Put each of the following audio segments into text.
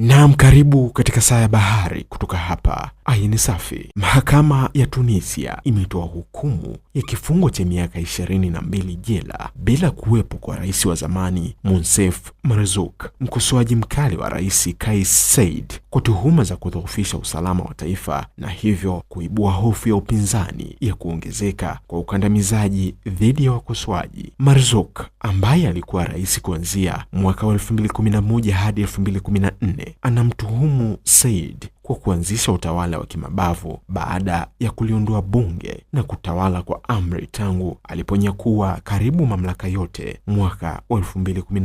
Naam, karibu katika Saa ya Bahari kutoka hapa Ayin Safi. Mahakama ya Tunisia imetoa hukumu ya kifungo cha miaka ishirini na mbili jela bila kuwepo kwa rais wa zamani Monsef Marzouk. mkosoaji mkali wa rais Kais Saied kwa tuhuma za kudhoofisha usalama wa taifa na hivyo kuibua hofu ya upinzani ya kuongezeka kwa ukandamizaji dhidi ya wakosoaji. Marzouk ambaye alikuwa rais kuanzia mwaka wa 2011 hadi 2014 anamtuhumu Saied kwa kuanzisha utawala wa kimabavu baada ya kuliondoa bunge na kutawala kwa amri tangu aliponyakua karibu mamlaka yote mwaka wa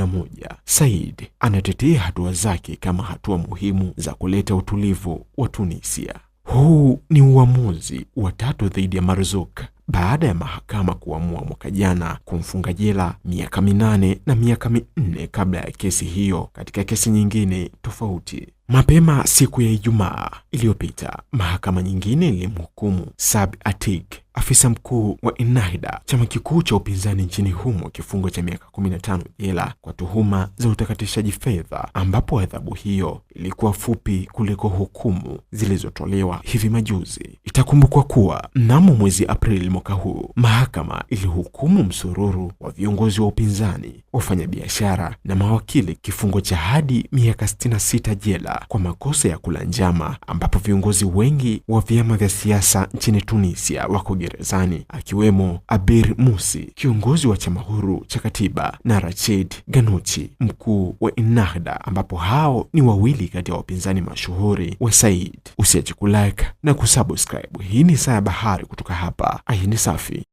moja. Said anatetea hatua zake kama hatua muhimu za kuleta utulivu wa Tunisia. Huu ni uamuzi wa tatu dhidi ya Marzuk baada ya mahakama kuamua mwaka jana kumfunga jela miaka minane na miaka minne kabla ya kesi hiyo katika kesi nyingine tofauti. Mapema siku ya Ijumaa iliyopita, mahakama nyingine ilimhukumu Saad Atik afisa mkuu wa Ennahda, chama kikuu cha upinzani nchini humo, kifungo cha miaka 15 jela kwa tuhuma za utakatishaji fedha, ambapo adhabu hiyo ilikuwa fupi kuliko hukumu zilizotolewa hivi majuzi. Itakumbukwa kuwa mnamo mwezi Aprili mwaka huu mahakama ilihukumu msururu wa viongozi wa upinzani, wafanyabiashara na mawakili kifungo cha hadi miaka 66 jela kwa makosa ya kula njama, ambapo viongozi wengi wa vyama vya siasa nchini Tunisia wako gerezani akiwemo Abir Musi, kiongozi wa chama huru cha katiba, na Rachid Ganuchi, mkuu wa Ennahda, ambapo hao ni wawili kati ya wapinzani mashuhuri wa Said. Usiache kulike na kusubscribe. Hii ni Saa ya Bahari kutoka hapa Ayin Safi.